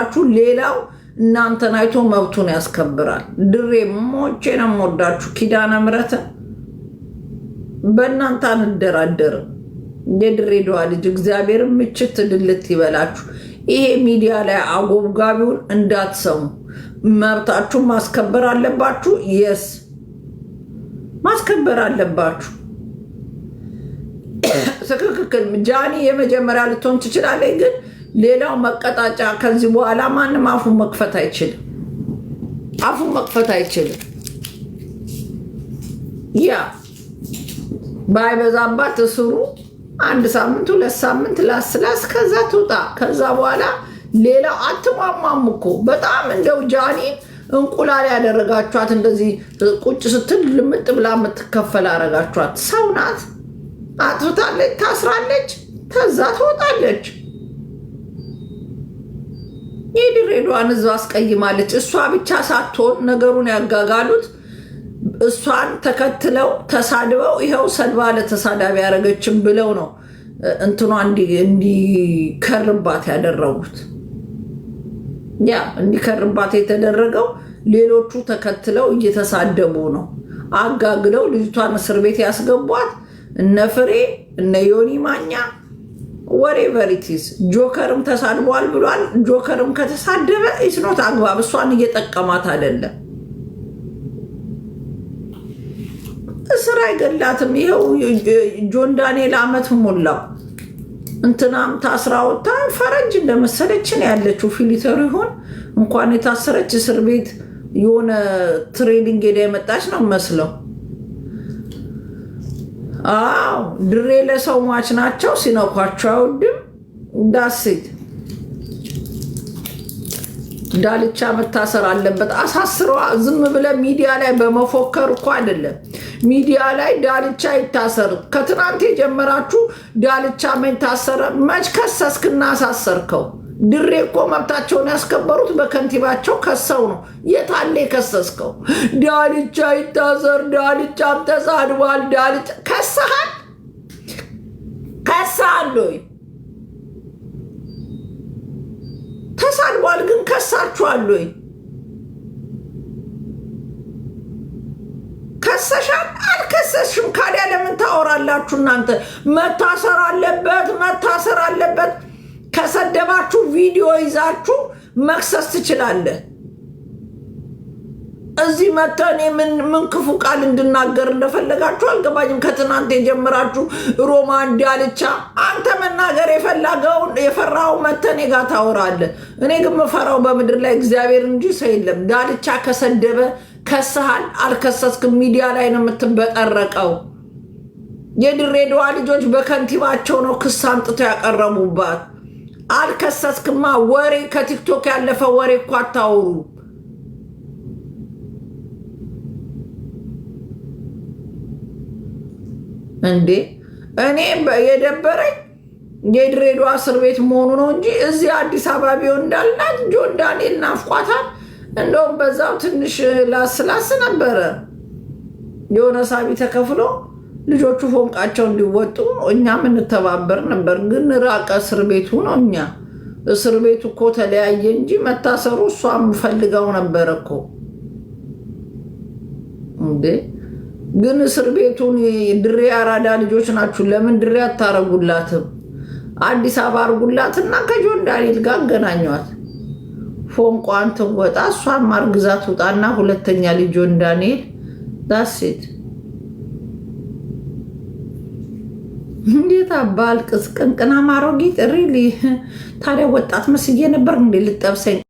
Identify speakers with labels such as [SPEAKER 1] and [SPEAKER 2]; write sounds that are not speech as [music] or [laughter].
[SPEAKER 1] ያላችሁ ሌላው እናንተን አይቶ መብቱን ያስከብራል። ድሬ ሞቼ ነው የምወዳችሁ። ኪዳነ ምሕረትን በእናንተ አንደራደርም። የድሬዳዋ ልጅ እግዚአብሔር ምችት ድልት ይበላችሁ። ይሄ ሚዲያ ላይ አጎብጋቢውን እንዳትሰሙ። መብታችሁን ማስከበር አለባችሁ። የስ ማስከበር አለባችሁ። [coughs] ትክክል ጃኒ የመጀመሪያ ልትሆን ትችላለች ግን ሌላው መቀጣጫ። ከዚህ በኋላ ማንም አፉን መክፈት አይችልም። አፉን መክፈት አይችልም። ያ ባይበዛባት እስሩ አንድ ሳምንት፣ ሁለት ሳምንት ላስላስ፣ ከዛ ትውጣ። ከዛ በኋላ ሌላው አትሟሟም እኮ በጣም እንደው ጃኒ እንቁላል ያደረጋችኋት እንደዚህ ቁጭ ስትል ልምጥ ብላ የምትከፈል አረጋችኋት። ሰው ናት፣ አጥፍታለች፣ ታስራለች፣ ከዛ ትወጣለች። የድሬዳዋን እዛው አስቀይማለች። እሷ ብቻ ሳትሆን ነገሩን ያጋጋሉት እሷን ተከትለው ተሳድበው ይኸው ሰልባ ለተሳዳቢ ያደረገችን ብለው ነው እንትኗ እንዲከርባት ያደረጉት። ያ እንዲከርባት የተደረገው ሌሎቹ ተከትለው እየተሳደቡ ነው። አጋግለው ልጅቷን እስር ቤት ያስገቧት እነ ፍሬ እነ ዮኒ ማኛ ወሬቨሪቲስ ጆከርም ተሳድቧል ብሏል። ጆከርም ከተሳደበ ኢስኖት አግባብ እሷን እየጠቀማት አይደለም። እስር አይገላትም። ይኸው ጆን ዳንኤል አመት ሞላው። እንትናም ታስራ ወጥታ ፈረንጅ እንደመሰለችን ያለችው ፊሊተሩ ይሆን እንኳን የታሰረች እስር ቤት የሆነ ትሬኒንግ ሄዳ የመጣች ነው መስለው አዎ ድሬ ለሰው ሟች ናቸው። ሲነኳቸው አይወድም። ዳሴት ዳልቻ መታሰር አለበት። አሳስረዋ ዝም ብለ ሚዲያ ላይ በመፎከር እኮ አይደለም። ሚዲያ ላይ ዳልቻ ይታሰር። ከትናንት የጀመራችሁ ዳልቻ መታሰረ መች ከሰስክና አሳሰርከው? ድሬ እኮ መብታቸውን ያስከበሩት በከንቲባቸው ከሰው ነው። የታለ የከሰስከው? ዳልቻ ይታሰር፣ ዳልቻ ተሳድቧል፣ ዳልቻ ከሰሃል ከሳሉ ተሳድቧል፣ ግን ከሳችኋል ከሰሻል አልከሰስሽም። ካዲያ ለምን ታወራላችሁ እናንተ? መታሰር አለበት መታሰር አለበት ከሰደባችሁ ቪዲዮ ይዛችሁ መክሰስ ትችላለህ። እዚህ መተን ምን ክፉ ቃል እንድናገር እንደፈለጋችሁ አልገባኝም። ከትናንት የጀምራችሁ ሮማ እንዲያልቻ አንተ መናገር የፈላገውን የፈራው መተን ጋ ታወራለህ። እኔ ግን ምፈራው በምድር ላይ እግዚአብሔር እንጂ ሰው የለም። ዳልቻ ከሰደበ ከስሃል አልከሰስክም። ሚዲያ ላይ ነው የምትበጠረቀው። የድሬዳዋ ልጆች በከንቲባቸው ነው ክስ አምጥተው ያቀረቡባት። አልከሰስክማ። ወሬ ከቲክቶክ ያለፈ ወሬ እኮ አታውሩ። እንዴ እኔ የደበረኝ የድሬዳዋ እስር ቤት መሆኑ ነው እንጂ እዚህ አዲስ አበባ ቢሆን እንዳልናት ጆን ዳንኤል ናፍቋታል። እንደውም በዛው ትንሽ ላስላስ ነበረ የሆነ ሳቢ ተከፍሎ ልጆቹ ፎንቃቸው እንዲወጡ እኛም እንተባበር ነበር። ግን ራቀ እስር ቤቱ ነው። እኛ እስር ቤቱ እኮ ተለያየ እንጂ መታሰሩ እሷም ፈልጋው ነበር እኮ እንዴ። ግን እስር ቤቱን ድሬ አራዳ ልጆች ናችሁ፣ ለምን ድሬ አታረጉላትም? አዲስ አበባ አርጉላትና ከጆን ዳንኤል ጋር አገናኟት። ፎንቋን ትወጣ፣ እሷም አርግዛ ትውጣና ሁለተኛ ልጅ ጆን ዳንኤል ዳሴት እንዴት አባል ቅስቅንቅና ማሮጊት ሪሊ ታዲያ ወጣት መስዬ ነበር እንዴ ልጠብሰኝ